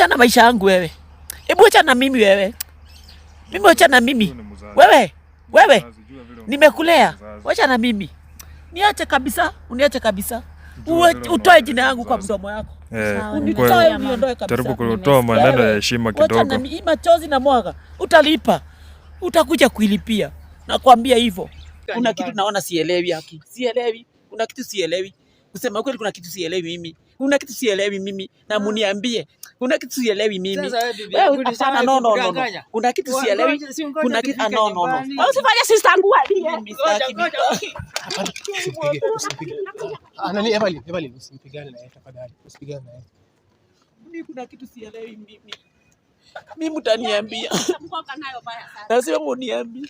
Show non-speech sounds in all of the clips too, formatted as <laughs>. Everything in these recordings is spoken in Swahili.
acha na maisha yangu wewe, hebu acha na mimi wewe, mimi acha na mimi wewe, wewe nimekulea, acha na mimi, niache kabisa, uniache kabisa, utoe jina yangu kwa mdomo yako. Eh, unitoe Jaribu kutoa maneno ya heshima kidogo. Hii machozi na mwaga, utalipa, utakuja kuilipia. Nakwambia hivyo. Kuna kitu naona sielewi haki, sielewi. Kuna kitu sielewi, kusema kweli, kuna kitu sielewi mimi kuna kitu sielewi mimi na ah. muniambie, kuna kitu sielewi mimi. Wewe hapana, no no no, kuna kitu sielewi, kuna kitu ah, no no no, oh, usifanye sister yangu alie. Eh. Ah, kuna kitu sielewi mimi, mimi mtaniambia, lazima muniambie.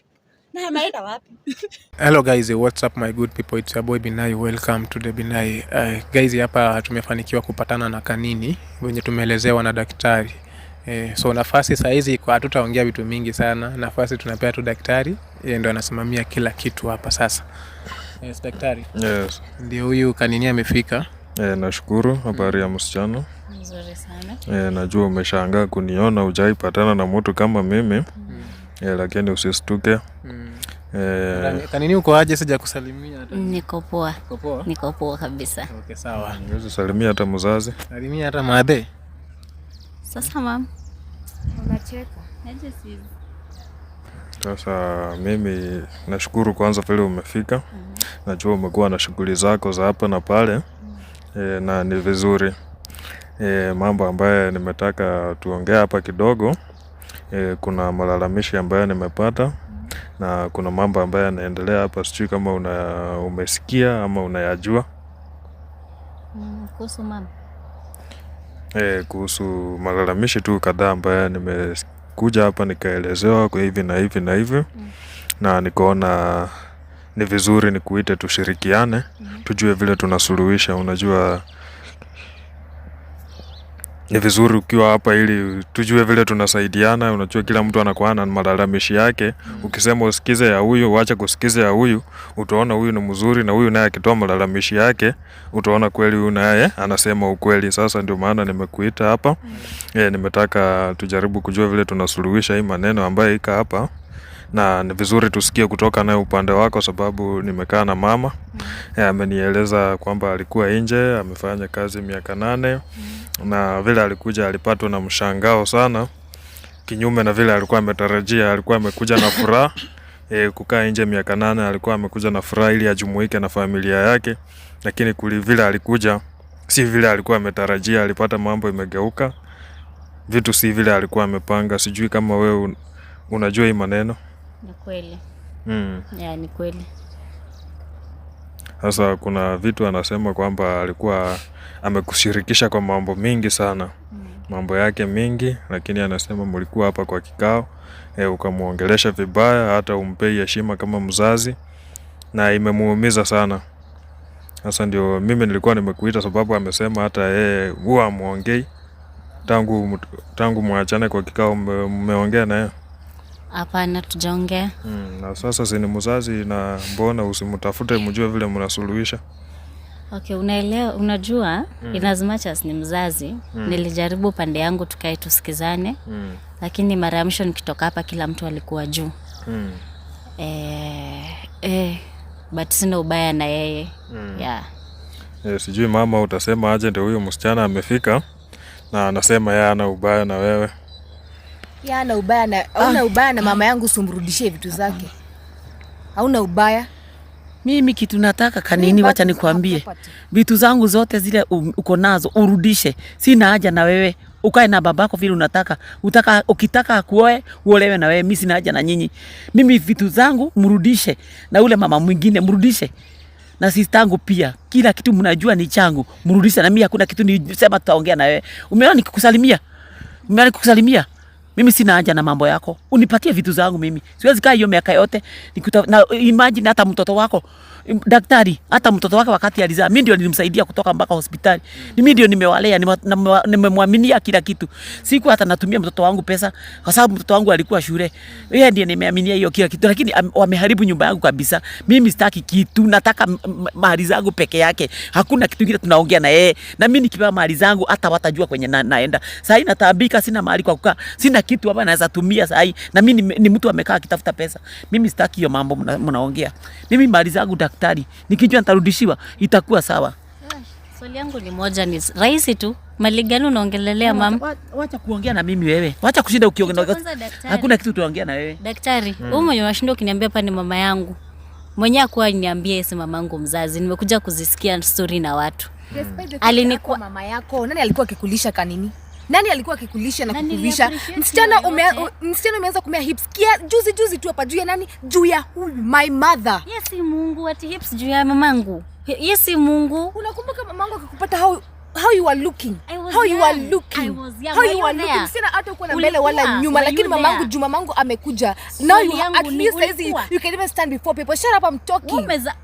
<laughs> Hello guys, what's up my good people? It's your boy Binai. Welcome to the Binai. Uh, guys hapa tumefanikiwa kupatana na Kanini wenye tumeelezewa na daktari. Eh, so nafasi saa hizi kwa hatutaongea vitu mingi sana. Nafasi tunapewa tu daktari, yeye ndo anasimamia kila kitu hapa sasa. Yes, daktari. Yes. Ndio huyu Kanini amefika. Eh, nashukuru. Habari ya msichana? Nzuri sana. Eh, najua umeshangaa kuniona, hujaipatana na mtu kama mimi. Mm. Eh, lakini usistuke mm. Eh, uko aje? Sija kusalimia. Niko poa. Niko poa kabisa. Okay, sawa. salimia hata mzazi. Salimia hata madhe. Sasa Unacheka. Aje sisi. Sasa mimi nashukuru kwanza vile umefika. Mm. Najua umekuwa na shughuli zako za hapa na pale. Mm. E, na ni vizuri. E, mambo ambayo nimetaka tuongea hapa kidogo Eh, kuna malalamishi ambayo nimepata na kuna mambo ambayo yanaendelea hapa, sijui kama una, umesikia ama unayajua mm, kuhusu mama e, eh, kuhusu malalamishi tu kadhaa ambayo nimekuja hapa nikaelezewa kwa hivi na hivi na hivi mm. na nikaona ni vizuri nikuite tushirikiane, mm. tujue vile tunasuluhisha. Unajua ni vizuri ukiwa hapa ili tujue vile tunasaidiana. Unajua, kila mtu anakuwa na malalamishi yake. Mm. Ukisema usikize ya huyu, uache kusikiza ya huyu, utaona huyu ni mzuri na huyu naye akitoa malalamishi yake utaona kweli huyu naye anasema ukweli. Sasa ndio maana nimekuita hapa. E, nimetaka tujaribu kujua vile tunasuluhisha hii maneno ambayo ika hapa na ni vizuri tusikie kutoka naye upande wako, sababu nimekaa na mama mm. Eh, amenieleza kwamba alikuwa nje amefanya kazi miaka nane mm. na vile alikuja alipatwa na mshangao sana, kinyume na vile alikuwa ametarajia. Alikuwa amekuja na furaha <coughs> E, kukaa nje miaka nane. Alikuwa amekuja na furaha ili ajumuike na familia yake, lakini vile alikuja si vile alikuwa ametarajia. Alipata mambo imegeuka, vitu si vile alikuwa amepanga. Sijui kama wewe unajua hii maneno. Ni kweli. Mm. yeah, ni kweli. Sasa kuna vitu anasema kwamba alikuwa amekushirikisha kwa mambo mingi sana, mm. mambo yake mingi, lakini anasema mlikuwa hapa kwa kikao e, ukamwongelesha vibaya, hata umpei heshima kama mzazi, na imemuumiza sana. Sasa ndio mimi nilikuwa nimekuita, sababu amesema hata yeye huwa amwongei tangu tangu mwachane kwa kikao. Mmeongea naye? Hapana, tujaongea. Mm, na sasa sini mzazi na mbona usimtafute mjue vile mnasuluhisha? Okay, unaelewa, unajua mm. in as much as ni mzazi mm. nilijaribu pande yangu tukae tusikizane mm. lakini mara ya mwisho nikitoka hapa kila mtu alikuwa juu mm. eh, eh, but sina ubaya na yeye mm. yeah. Eh, sijui mama utasema aje, ndio huyo msichana amefika na anasema yeye ana ubaya na wewe Hauna ubaya na, hauna ah. ubaya na mama yangu, usimrudishie vitu zake. Hauna ubaya. Mimi kitu nataka kanini, wacha nikwambie, vitu zangu zote zile uko nazo urudishe, sina haja na wewe ukae na babako vile unataka utaka, ukitaka akuoe uolewe na wewe. Mimi sina haja na nyinyi. Mimi vitu zangu mrudishe, na ule mama mwingine mrudishe, na sistangu pia. Kila kitu mnajua ni changu, mrudishe. Na mimi hakuna kitu ni sema tutaongea na wewe. Umeona nikukusalimia? Umeona nikukusalimia? Mimi sina haja na mambo yako. Unipatie vitu zangu mimi. Siwezi kaa hiyo miaka yote. Nikuta na imagine hata mtoto wako daktari, hata mtoto wake wakati alizaa, mimi ndio nilimsaidia kutoka mpaka hospitali. Mimi mm. ndio nimewalea, nimemwaminia kila kitu. Siku hata natumia mtoto wangu pesa kwa sababu mtoto wangu alikuwa shule. Yeye ndiye nimeaminia hiyo kila kitu. Lakini wameharibu nyumba yangu kabisa. Mimi sitaki kitu. Nataka mali zangu peke yake. Hakuna kitu kingine tunaongea na yeye. Na mimi nikipewa mali zangu hata watajua kwenye na, naenda. Sasa nataabika, sina mali kwa kukaa. Sina kitu hapa naweza tumia saa hii, na mimi ni, mtu amekaa akitafuta pesa. Mimi sitaki hiyo mambo mnaongea. Mimi mali zangu daktari, nikijua nitarudishiwa itakuwa sawa. Swali yangu ni moja, ni rahisi tu. Mali gani unaongelelea mama? Wacha kuongea na mimi wewe. Wacha kushinda ukiongea. Hakuna kitu tuongea na wewe. Daktari, wewe hmm. mwenye unashinda ukiniambia hapa ni mama yangu. Mwenye akuwa niambie yeye mama yangu mzazi. Nimekuja kuzisikia story na watu. Hmm. Aliniku... mama yako. Nani alikuwa akikulisha kanini? Nani alikuwa akikulisha na kukuvisha? Msichana msichana umeanza kumea hips kia juzi juzi tu hapa juu ya nani? Juu ya huyu my mother. Yes, Mungu ati hips juu ya mamangu. Yes, Mungu. Unakumbuka mamangu akikupata hao how you are looking how you are looking how you are looking sina hata uko na mbele wala nyuma, lakini mamangu juu mamangu amekuja now you at least says you can even stand before people. Shut up, I'm talking. Umeza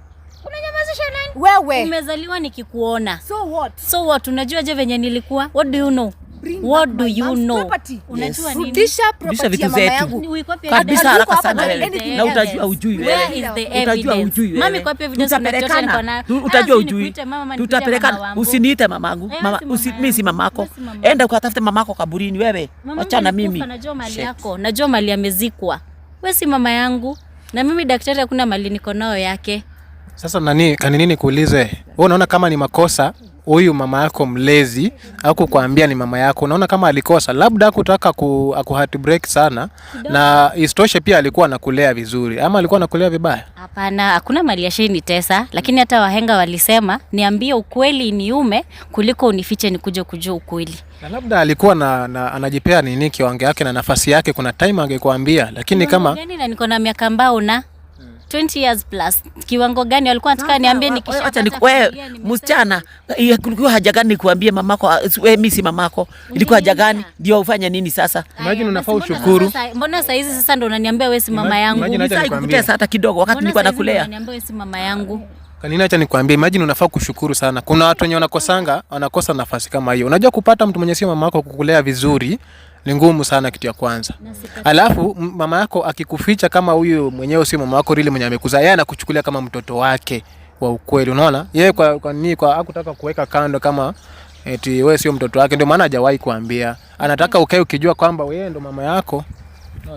unanyamazisha nani wewe? Umezaliwa nikikuona. So what? So what? Unajua je venye nilikuwa? What do you know? What do you know? Unajua nini? Rudisha property ya mama yangu. Kabisa haraka sana wewe. Na utajua ujui wewe. Utajua ujui wewe. Mami, kwa evidence unachotaka na utajua ujui. Tutapelekana. Usiniite mamangu. Eh, mama, mimi si mamako. Enda ukatafute mamako kaburini wewe. Achana mimi. Najua mali yako. Najua mali yamezikwa. Wewe si mama yangu. Na mimi daktari, hakuna mali niko nayo yake. Sasa nani kanini nikuulize? Wewe unaona kama ni makosa huyu mama yako mlezi kuambia ni mama yako, unaona kama alikosa, labda hakutaka ku, heartbreak sana Do. Na istoshe pia alikuwa anakulea vizuri ama alikuwa anakulea vibaya? Hapana, hakuna mali shei ni tesa, lakini hata wahenga walisema niambie ukweli niume kuliko unifiche nikuje kujua ukweli. Na labda alikuwa na, na, anajipea nini kiwango yake na nafasi yake, kuna time angekuambia, lakini no, kama na niko na miaka mbao na 20 hmm. years plus kiwango gani walikuwa nataka niambie, nikisha acha ni wewe msichana, ilikuwa eh, haja gani nikuambie mamako wewe, ah, mimi si mamako, ilikuwa haja gani ndio ufanye nini sasa? Imagine unafaa ushukuru. Mbona sasa hizi sasa ndio unaniambia wewe si mama yangu? Sasa hata kidogo, wakati nilikuwa nakulea unaniambia wewe si mama yangu. Kanina, acha nikwambie, imagine unafaa kushukuru sana. Kuna watu wenye wanakosanga, wanakosa nafasi kama hiyo. Unajua kupata mtu mwenye sio mama yako kukulea vizuri ni ngumu sana, kitu ya kwanza. Alafu mama yako akikuficha, kama huyu mwenyewe sio mama yako rili mwenye amekuzaa, yeye anakuchukulia kama mtoto wake wa ukweli. Unaona yeye kwa, kwa nini kwa hakutaka kuweka kando kama eti wewe sio mtoto wake, ndio maana hajawahi kuambia, anataka ukae ukijua kwamba wewe ndo mama yako.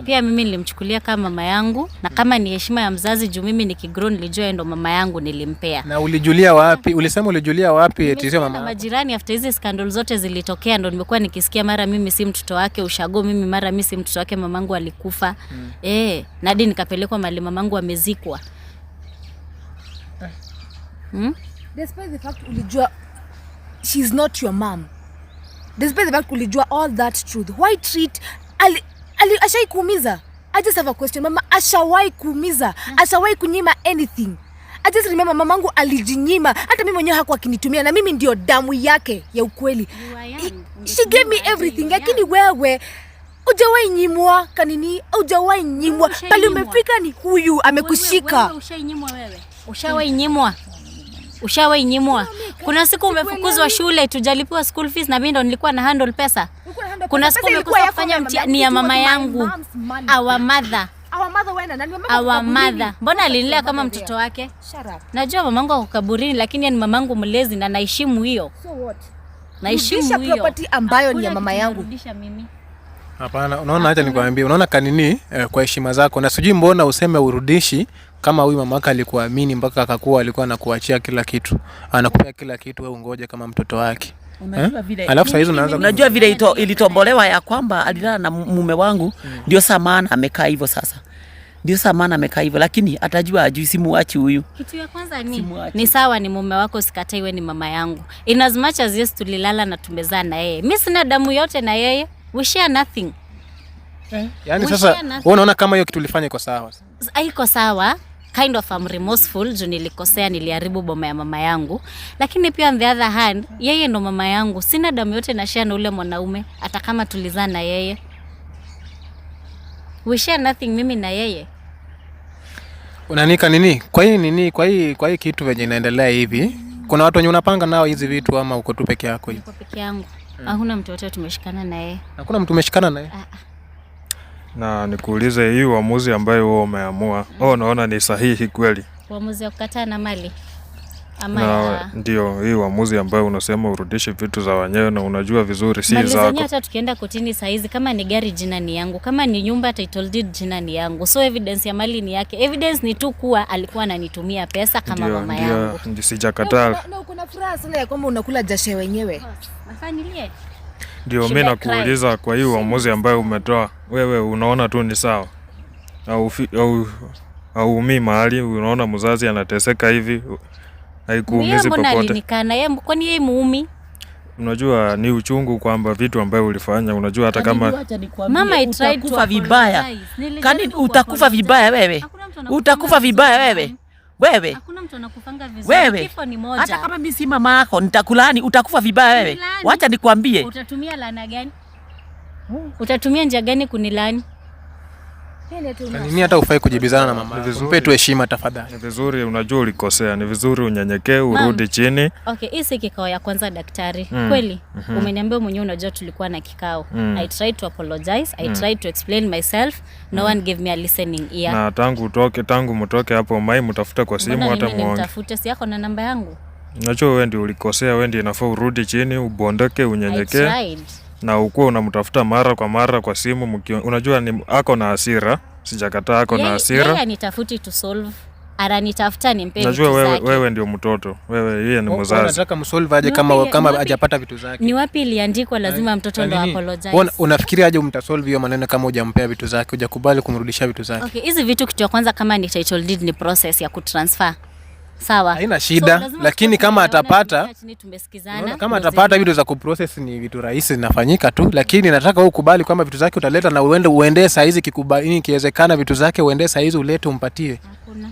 Pia mimi nilimchukulia kama mama yangu na kama ni heshima ya mzazi juu mimi nikigrow nilijua ndo mama yangu nilimpea. Na ulijulia wapi? Ulisema ulijulia wapi eti sio mama? Majirani after hizi scandal zote zilitokea ndo nimekuwa nikisikia mara mimi si mtoto wake ushago, mimi mara mimi si mtoto wake mamangu alikufa. Mm. Eh, na hadi nikapelekwa mali mamangu amezikwa. Hmm? Despite the fact ulijua she's not your mom. Despite the fact ulijua all that truth. Why treat ali ashai kuumiza. I just have a question. Mama ashawai kuumiza, hmm. Ashawai kunyima anything. I just remember mamangu alijinyima, hata mimi mwenyewe hakuwa akinitumia, na mimi ndio damu yake ya ukweli. She gave me everything, lakini wewe ujawai nyimwa kanini, Ujawai nyimwa pale. Umefika ni huyu amekushika. Ushawai nyimwa wewe? Ushawai nyimwa? Ushawahi nyimwa? Kuna siku umefukuzwa shule, tujalipiwa school fees na mimi ndo nilikuwa na handle pesa. Kuna siku umekosa kufanya mtihani ya mama yangu, our mother Our mother, mbona alinilea kama mtoto wake? Najua mamangu ako kaburini, lakini ni mamangu mlezi na naheshimu hiyo, naheshimu hiyo property ambayo ni ya mama yangu. Hapana, unaona, acha nikwambie, unaona kanini eh, kwa heshima zako na sijui mbona useme urudishi kama huyu mama yake alikuamini mpaka akakuwa alikuwa anakuachia kila kitu, anakupea kila kitu, wewe ungoje kama mtoto wake. Unajua eh? vile, alafu unaanza unajua vile ito, ilitombolewa ya kwamba alilala na mume wangu mm. ndio, samana amekaa hivyo sasa ndio saa maana amekaa hivyo, lakini atajua ajui, simuachi huyu. Kitu ya kwanza ni Ni sawa, ni mume wako, sikatai wewe ni mama yangu. In as much as yes, tulilala na tumezaa na yeye, mi sina damu yote na yeye, we share nothing Eh, yani sasa wewe unaona kama hiyo kitu ulifanya iko sawa? Haiko sawa. Kind of I'm remorseful juu nilikosea, niliharibu boma ya mama yangu, lakini pia on the other hand, yeye ndo mama yangu, sina damu yote na share na ule mwanaume, hata kama tulizaa na yeye, we share nothing, mimi na yeye. Unanika nini? Kwa hii nini? Kwa hii kwa hii kitu venye inaendelea hivi, kuna watu wenye unapanga nao hizi vitu ama uko tu peke yako hivi? Uko peke yangu. Hakuna mtu wote tumeshikana naye. Hakuna mtu umeshikana naye? yeye. Ah, ah na nikuulize hii uamuzi ambayo wewe umeamua, wewe unaona ni sahihi kweli? Uamuzi wa kukataa na mali ama na, ndio hii uamuzi ambayo unasema urudishi vitu za wenyewe na unajua vizuri si zako. Hata tukienda kotini saa hizi, kama ni gari jina ni yangu, kama ni nyumba title deed jina ni yangu, so evidence ya mali ni yake. Evidence ni tu kuwa alikuwa ananitumia pesa kama ndiyo, mama ndio, yangu sijakataa. Na kuna furaha sana ya kwamba unakula jashe wenyewe, mafanilie ndio mi nakuuliza, kwa hiyo uamuzi ambayo umetoa wewe, unaona tu ni sawa au hauumii mahali? Unaona mzazi anateseka hivi, haikuumizi popote? Kwani yeye muumi? Unajua ni uchungu kwamba vitu ambayo ulifanya, unajua hata kama mama utakufa vibaya, kani utakufa vibaya wewe, utakufa vibaya wewe, wewe mtu anakufanga vizuri. Wewe kifo ni moja. Hata kama mimi si mama yako nitakulani, utakufa vibaya wewe. Wacha nikwambie. Utatumia laana gani? Utatumia njia gani kunilani? nini, yaani yaani hata ufai kujibizana na mama. Mpe tu heshima tafadhali. Ni vizuri, unajua ulikosea, ni vizuri unyenyekee, urudi chini. Okay, hii si kikao ya kwanza daktari. Mm. Kweli mm -hmm. Umeniambia mwenyewe, unajua tulikuwa na kikao. Mm. I tried to apologize, I mm. tried to explain myself. No mm. one gave me a listening ear. Na tangu utoke, tangu mtoke hapo mai mtafuta kwa simu hata muone. Mtafuta si yako na namba yangu. Unajua wewe ndio ulikosea, wewe ndio inafaa urudi chini, ubondeke, unyenyekee. I tried na ukuwa unamtafuta mara kwa mara kwa simu mkion, unajua ni ako na hasira, sijakataa ako na hasira, anitafuti to solve ananitafuta nimpe. Najua wewe, wewe ndio mtoto wewe, yeye ni mzazi. Unataka msolve aje kama wapi, kama hajapata vitu zake? Ni wapi iliandikwa lazima mtoto ndo apologize? Una, unafikiria aje umtasolve hiyo maneno kama hujampea vitu zake, hujakubali kumrudishia vitu zake? Okay, hizi vitu kitu ya kwanza kama ni title deed ni process ya kutransfer sawa, haina shida so, lakini kama atapata no, kama atapata vitu za kuprocess ni vitu rahisi zinafanyika tu, lakini nataka wewe ukubali kwamba vitu zake utaleta na uende uende saa hizi kikubali kiwezekana, vitu zake uende saa hizi ulete umpatie.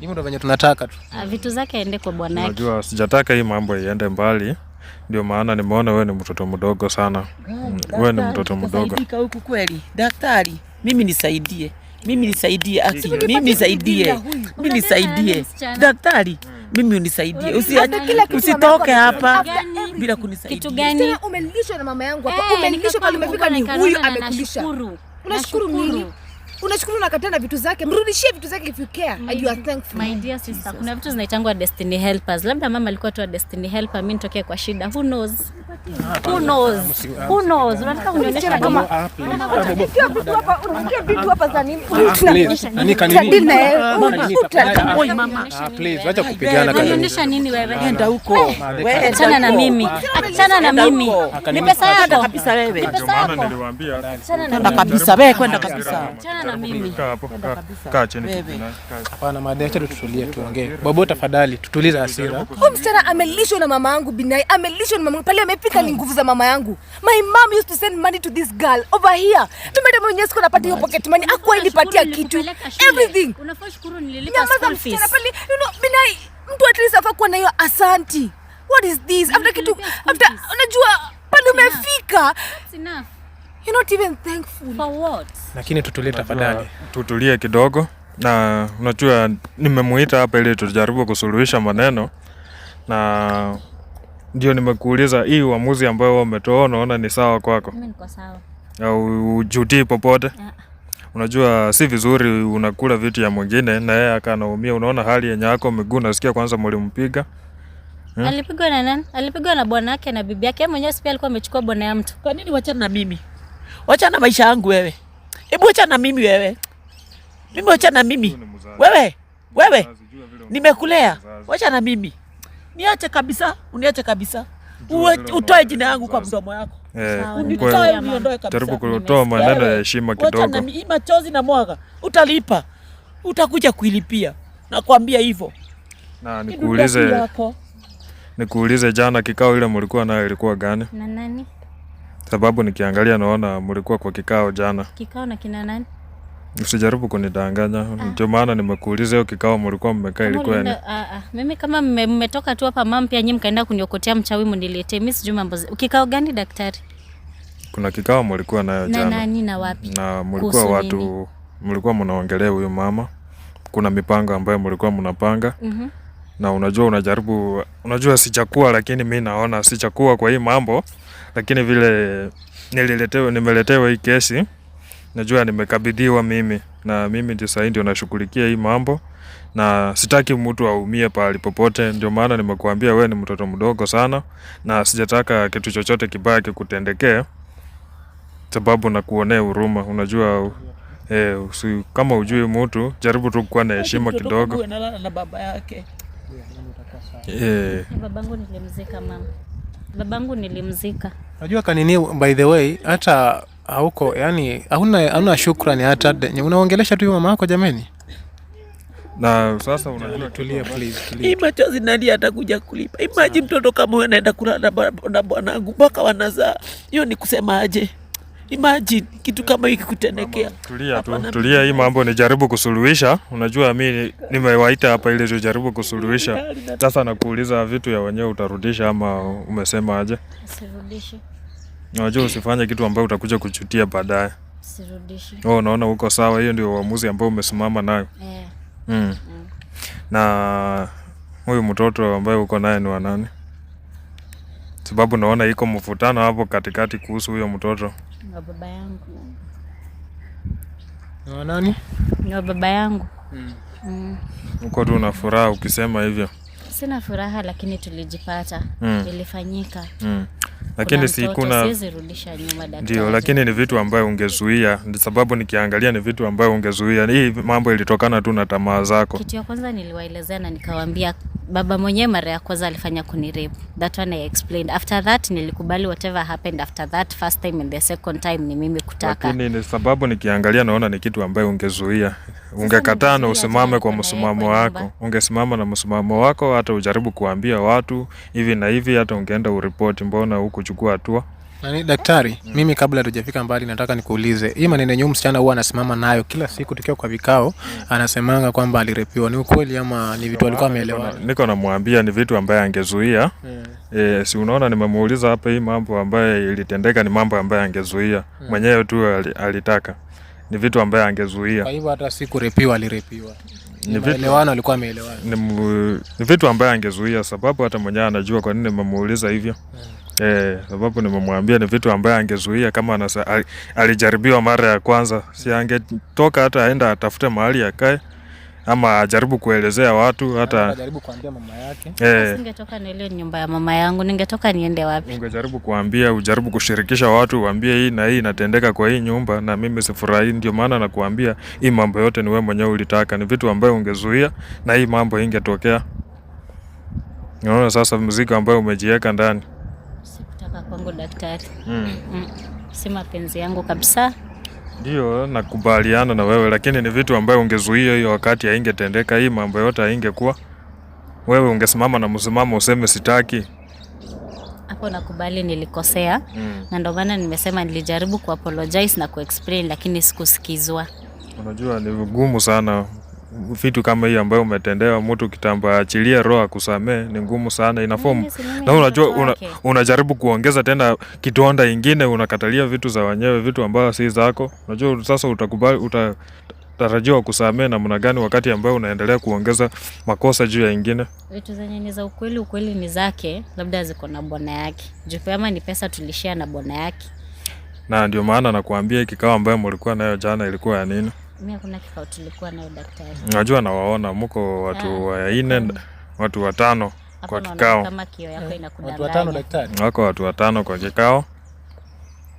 Hivi ndio venye tunataka tu ah, vitu zake aende kwa bwana yake. Unajua, sijataka hii mambo iende mbali ndio maana nimeona wewe ni mtoto mdogo sana. Mm, mm, wewe ni mtoto mdogo huku kweli. Daktari, mimi nisaidie, mimi nisaidie, mimi nisaidie, mimi nisaidie daktari mimi unisaidie, usitoke hapa bila kunisaidia. umelishwa na mama yangu hapa? Eh, umelishwa pale, umefika ni huyu amekulisha. Unashukuru nini? unashukuru nakata na vitu zake, mrudishie vitu zake if you care and you are thankful. My dear sister, kuna vitu zinaitangwa destiny helpers. Labda mama alikuwa tu destiny helper, mimi nitokee kwa shida. Who knows? Who knows? Who knows? Unataka kunionyesha kama unasikia vitu hapa, za nini? Ah, Nani kanini? Oi mama, ah, please acha kupigana ah, kanini. Unanionyesha nini wewe? Enda huko. Eh, achana na mimi. Achana na mimi. Ni pesa yako kabisa wewe. Ndio maana niliwaambia. Achana na kabisa wewe, kwenda kabisa. Achana na mimi. Kaa hapo. Hapana, madam, tutulie tuongee. Babu, tafadhali tutulize hasira. Huyu oh, msichana amelishwa na mama yangu Binai, amelishwa na mama pale, amepika ni nguvu za mama yangu. My mom used to send money to this girl over here. Tumende mwenyewe siku napata hiyo pocket money, akwa ilipatia kitu. Everything. Unafaa shukuru nililipa school fees. Pale, you know, Binai, mtu at least afaa kuwa na hiyo asanti. What is this? After kitu, after unajua pale umefika. Enough. You're not even thankful. For what? Lakini tutulie tafadhali, tutulie kidogo. Na unajua nimemuita hapa ili tujaribu kusuluhisha maneno, na ndio nimekuuliza hii uamuzi ambayo umetoa unaona ni sawa kwako? Mimi niko sawa. Au ujutii popote? Yeah. Unajua si vizuri unakula vitu ya mwingine na yeye akanaumia. Unaona hali yenye yako miguu, nasikia kwanza mlimpiga hmm? Alipigwa na nani? Alipigwa na bwana yake na bibi yake. Yeye Mwenyewe si pia alikuwa amechukua bwana ya mtu. Kwa nini wachana na mimi? Wacha na maisha yangu wewe. Hebu wacha na mimi wewe. Mimi wacha na mimi. Wewe, wewe. Nimekulea. Wacha na mimi. Niache kabisa, uniache kabisa. Uwe, utoe jina yangu kwa mdomo yako. Eh, unitoe Jaribu kutoa maneno ya heshima kidogo. Wacha na mimi machozi na mwaga. Utalipa. Utakuja kuilipia. Nakwambia hivyo. Na nikuulize. Nikuulize jana kikao ile mlikuwa nayo ilikuwa gani? Na nani? sababu nikiangalia naona mlikuwa kwa kikao jana. Kikao na kina nani? Usijaribu kunidanganya. Ah. Ndio maana nimekuuliza hiyo kikao mlikuwa mmekaa ilikuwa ni. Ah, ah. Mimi kama mmetoka tu hapa mama pia nyinyi mkaenda kuniokotea mchawi mniletee. Mimi sijui mambo. Kikao gani daktari? Kuna kikao mlikuwa nayo jana. Na nani na wapi? Na mlikuwa watu mlikuwa mnaongelea huyo mama. Kuna mipango ambayo mlikuwa mnapanga. Mhm. Mm na unajua unajaribu unajua sichakuwa, lakini mi naona sichakuwa kwa hii mambo lakini vile nililetewa, nimeletewa hii kesi, najua nimekabidhiwa mimi na mimi ndio sasa ndio nashughulikia hii mambo, na sitaki mtu aumie pahali popote. Ndio maana nimekuambia we ni mtoto mdogo sana, na sijataka kitu chochote kibaya kikutendekee, sababu nakuonea huruma. Unajua eh, usi, kama ujui mtu jaribu tu kuwa na heshima kidogo na baba yake. Eh, babangu nilimzika mama Babangu nilimzika. Unajua kanini, by the way, hata hauko yani, hauna hauna shukrani hata unaongelesha tu mama yako jameni. Na sasa unajua, tulia please, tulia. Hii machozi nani atakuja kulipa? Imagine mtoto kama huyo anaenda kulala na bwanangu mpaka wanazaa, hiyo ni kusema aje? Imagine kitu kama hiki kutendekea. Tulia tu, tulia. Hii mambo nijaribu kusuluhisha. Unajua mi nimewaita hapa ili tujaribu kusuluhisha. Sasa nakuuliza vitu ya wenyewe utarudisha ama umesema aje? Usirudishi. Unajua usifanye kitu ambayo utakuja kuchutia baadaye. Usirudishi. Oh, unaona uko sawa. Hiyo ndio uamuzi ambao umesimama nayo. Yeah. Mm. Mm. Na huyu mtoto ambaye uko naye ni wa nani? Sababu naona iko mvutano hapo katikati kuhusu huyo mtoto na baba yangu. Na nani? Na baba yangu. Mm. Mm. Uko tu na furaha ukisema hivyo? Sina furaha, lakini tulijipata. Mm. Ilifanyika. Mm lakini si kuna ndio, lakini ni vitu ambayo ungezuia, sababu nikiangalia ni vitu ambayo ungezuia. Hii mambo ilitokana tu na tamaa zako. Kitu ya kwanza niliwaelezea na nikawaambia baba mwenyewe mara ya kwanza alifanya kunirape. That one I explained. After that nilikubali whatever happened after that first time and the second time ni mimi kutaka. Lakini ni sababu nikiangalia naona ni kitu ambayo ungezuia. Ungekataa na usimame kwa msimamo wako. Ungesimama na msimamo wako hata ujaribu kuambia watu hivi na hivi hata ungeenda uripoti mbona kuchukua hatua. Nani, daktari, mm. Mimi kabla hatujafika mbali nataka nikuulize hii maneno yenyewe msichana huwa anasimama nayo kila siku tukiwa kwa vikao, mm. anasemanga kwamba alirepiwa, ni ukweli ama ni vitu alikuwa ameelewa? Niko namwambia ni vitu ambaye angezuia yeah. Hmm. E, si unaona nimemuuliza hapa, hii mambo ambayo ilitendeka ni mambo ambaye angezuia mm. Mwenyewe tu alitaka ni vitu ambaye angezuia, kwa hivyo hata si kurepiwa, alirepiwa ni vitu, alikuwa ni ni vitu ambaye angezuia, sababu hata mwenyewe anajua kwa nini nimemuuliza hivyo yeah. Hmm sababu eh, nimemwambia ni vitu ambaye angezuia kama anasa, alijaribiwa mara ya kwanza, si angetoka hata aenda atafute mahali akae ama ajaribu kuelezea watu hata ajaribu kuambia mama yake. Eh, ningetoka ile nyumba ya mama yangu, ningetoka niende wapi? Ungejaribu kuambia, ujaribu kushirikisha watu, uambie hii na hii inatendeka kwa hii nyumba na mimi sifurahi ndio maana nakuambia hii mambo yote ni wewe mwenyewe ulitaka. Ni vitu ambayo ungezuia na hii mambo ingetokea. Unaona sasa mzigo ambayo umejiweka ndani kutoka kwangu daktari. mm. Mm. Si mapenzi yangu kabisa. Ndio, nakubaliana na wewe, lakini ni vitu ambayo ungezuia hiyo wakati haingetendeka hii mambo yote haingekuwa. Wewe ungesimama na msimamo useme sitaki. Hapo nakubali nilikosea, mm. na ndio maana nimesema nilijaribu kuapologize na kuexplain, lakini sikusikizwa. Unajua ni vigumu sana vitu kama hiyo ambayo umetendewa mtu kitamba, achilie roho akusamee, ni ngumu sana, inafomu na unajua una, unajaribu kuongeza tena kitonda ingine, unakatalia vitu za wenyewe, vitu ambayo si zako. Unajua sasa utakubali utatarajiwa kusamee namna gani, wakati ambayo unaendelea kuongeza makosa juu ya ingine? Vitu zenye ni za ukweli, ukweli ni zake, labda ziko na bwana yake. ama ni pesa tulishia na bwana yake, na ndio maana nakuambia hiki kikao ambayo mlikuwa nayo jana ilikuwa ya nini? Najua nawaona mko watu eh. wanne, mm. watu watano kwa kikao, eh, wako watu watano kwa kikao.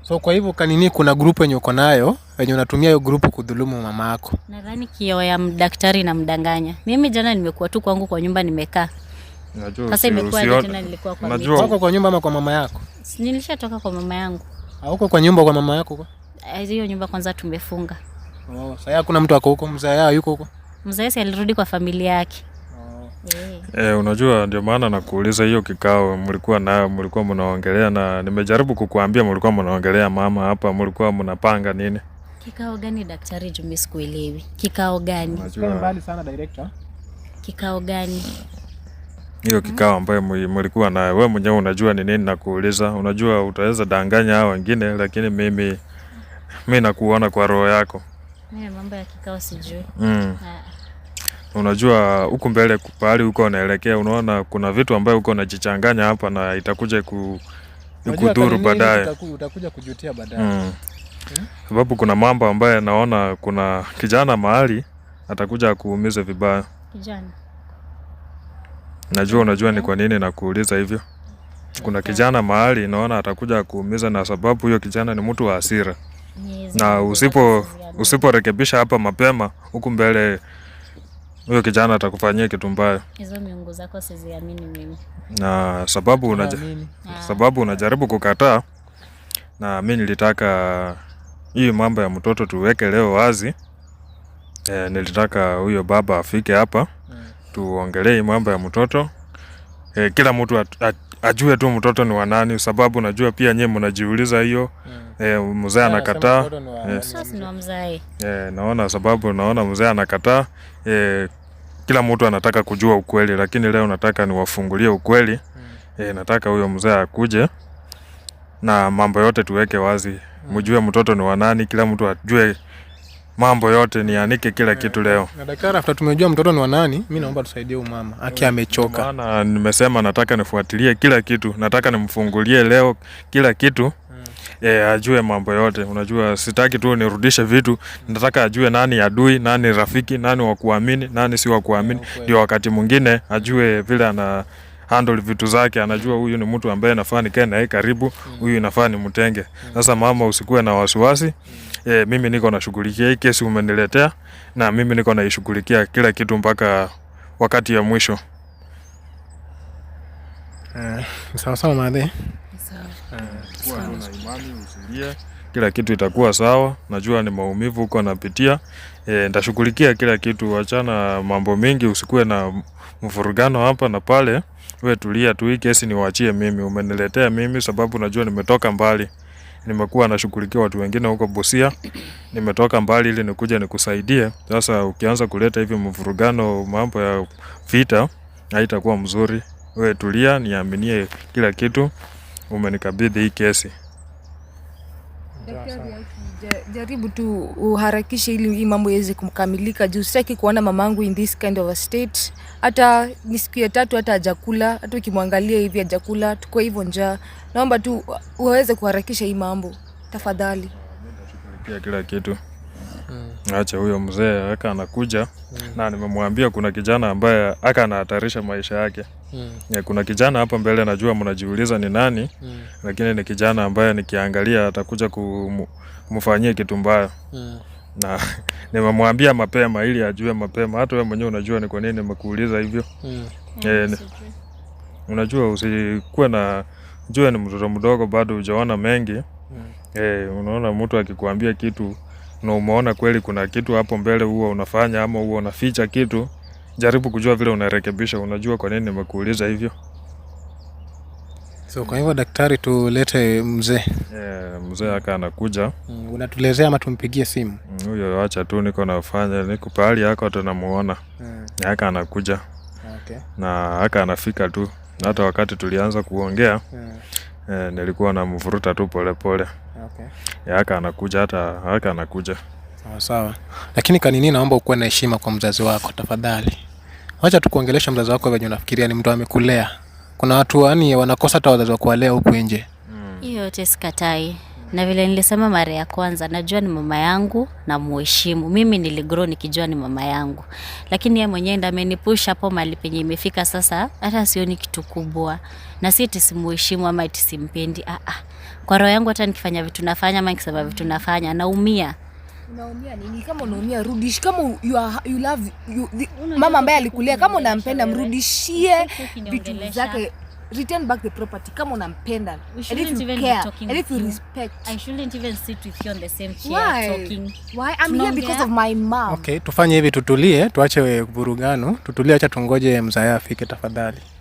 So kwa hivyo kanini, kuna grupu yenye uko nayo wenye unatumia hiyo grupu kudhulumu mama yako. Nadhani kio ya daktari namdanganya mimi. Jana nimekuwa tu kwangu kwa nyumba nimekaa. Sasa imekuwa tena, nilikuwa kwa mimi. Uko kwa nyumba ama kwa mama yako? Nilishatoka kwa mama yangu. Hauko kwa nyumba kwa mama yako? Eh, hiyo nyumba kwanza tumefunga. Oh, sasa kuna mtu ako huko mzee ah, yuko huko? Mzee si alirudi kwa familia yake. Yeah. Oh. Eh. eh, unajua ndio maana nakuuliza hiyo kikao mlikuwa nayo, mlikuwa mnaongelea, na nimejaribu kukuambia mlikuwa mnaongelea mama hapa, mlikuwa mnapanga nini? Kikao gani daktari Jumi? Sikuelewi kikao gani? Mbali sana director. Kikao gani hiyo kikao ambayo mlikuwa nayo? Wewe mwenyewe unajua ni nini nakuuliza. Unajua utaweza danganya hao wengine, lakini mimi mi nakuona kwa roho yako Eh, mambo ya kikao sijui. Mm. Eh. Unajua huku mbele pahali huko unaelekea, unaona kuna vitu ambayo uko unajichanganya hapa na itakuja ku kudhuru baadaye, utakuja kujutia baadaye mm. hmm? sababu Kuna mambo ambayo naona kuna kijana mahali atakuja kuumiza vibaya kijana. Najua unajua ni eh. kwa nini nakuuliza hivyo. Kuna kijana mahali naona atakuja kuumiza, na sababu huyo kijana ni mtu wa hasira na usipo usiporekebisha hapa mapema, huku mbele huyo kijana atakufanyia kitu mbaya. Hizo miungu zako siziamini mimi. Na sababu unaja, ah. sababu unajaribu kukataa, na mi nilitaka hii mambo ya mtoto tuweke leo wazi. E, nilitaka huyo baba afike hapa hmm. tuongelee mambo ya mtoto. E, kila mtu at, at, ajue tu mtoto ni wanani, sababu najua pia nyie mnajiuliza hiyo mm. E, mzee ah, anakataa e, e, naona sababu naona mzee anakataa e, kila mtu anataka kujua ukweli, lakini leo nataka niwafungulie ukweli mm. E, nataka huyo mzee akuje na mambo yote tuweke wazi, hmm. mjue mtoto ni wanani, kila mtu ajue mambo yote nianike kila yeah, kitu leo. Na daktari, after tumejua mtoto ni wa nani, mimi naomba tusaidie huyu mama aki amechoka, maana nimesema nataka nifuatilie kila kitu, nataka nimfungulie leo kila kitu Yeah, hmm. ajue mambo yote. Unajua, sitaki tu nirudishe vitu, nataka ajue nani adui, nani rafiki, nani wa kuamini, nani si wa kuamini, ndio okay. Wakati mwingine ajue vile ana handle vitu zake, anajua huyu ni mtu ambaye nafaa nikae naye karibu, hmm. huyu inafaa nimtenge. Hmm. Sasa mama, usikuwe na wasiwasi, e, mimi niko nashughulikia hii kesi umeniletea, na mimi niko naishughulikia kila kitu mpaka wakati ya mwisho. Uh, sawa sawa madhe. Sawa. tu eh, na imani, usilie, kila kitu itakuwa sawa. Najua ni maumivu uko napitia, e, kila kitu. Wachana mambo mingi, usikuwe na mvurugano hapa na pale. We tulia tu, hii kesi niwachie mimi, umeniletea mimi, sababu najua nimetoka mbali nimekuwa nashughulikia watu wengine huko Busia, nimetoka mbali ili nikuja nikusaidie. Sasa ukianza kuleta hivi mvurugano, mambo ya vita, haitakuwa mzuri. Wewe tulia, niaminie kila kitu, umenikabidhi hii kesi jaribu tu uharakishe ili hii mambo iweze kumkamilika juu sitaki kuona mamangu in this kind of a state. Hata ni siku ya tatu hata hajakula, hata ukimwangalia hivi ajakula tuko hivyo njaa. Naomba tu uweze kuharakisha hii mambo tafadhali. Pia kila kitu hmm. Acha huyo mzee aka anakuja hmm. na nimemwambia kuna kijana ambaye aka anahatarisha maisha yake hmm. ya, kuna kijana hapa mbele najua mnajiuliza ni nani hmm. lakini ni kijana ambaye nikiangalia atakuja kumfanyia kitu mbaya mm. na <laughs> nimemwambia mapema ili ajue mapema. Hata wewe mwenyewe unajua ni kwa nini nimekuuliza hivyo mm. mm. unajua usikuwe na jua ni mtoto mdogo bado hujaona mengi mm. unaona mtu akikuambia kitu na umeona kweli kuna kitu hapo mbele huwa unafanya ama huwa unaficha kitu, jaribu kujua vile unarekebisha. Unajua kwa nini nimekuuliza hivyo? So kwa hivyo daktari, tulete mzee yeah, mzee aka anakuja. Mm, unatuelezea ama tumpigie simu mm, huyo? Wacha tu niko nafanya niko pahali yako tunamuona. Mm. aka anakuja. Okay. na aka anafika tu hata wakati tulianza kuongea mm. eh, nilikuwa namvuruta tu polepole pole. Okay. aka anakuja hata aka anakuja sawa sawa, lakini Kanini, naomba ukuwe na heshima kwa mzazi wako tafadhali. Wacha tukuongelesha mzazi wako venye unafikiria, ni mtu amekulea kuna watu wani wanakosa hata wazazi wa kuwalea huku nje. Hmm. Hiyo yote sikatai, na vile nilisema mara ya kwanza, najua ni mama yangu na muheshimu. Mimi niligrow nikijua ni mama yangu, lakini yeye mwenyewe ndiye amenipush hapo mali penye imefika sasa. Hata sioni kitu kubwa, na si eti simuheshimu ama eti simpendi. Ah, ah, kwa roho yangu hata nikifanya vitu nafanya ama nikisema vitu nafanya naumia unaumia nini? Kama unaumia rudish, kama you are, you love you, the, mama ambaye alikulia kama unampenda mrudishie vitu zake return back the property kama unampenda and if you care and if you respect I shouldn't even sit with you on the same chair why? talking why I'm Tunaongea. here because of my mom okay tufanye hivi tutulie tuache vurugano tutulie acha tungoje mzaya afike tafadhali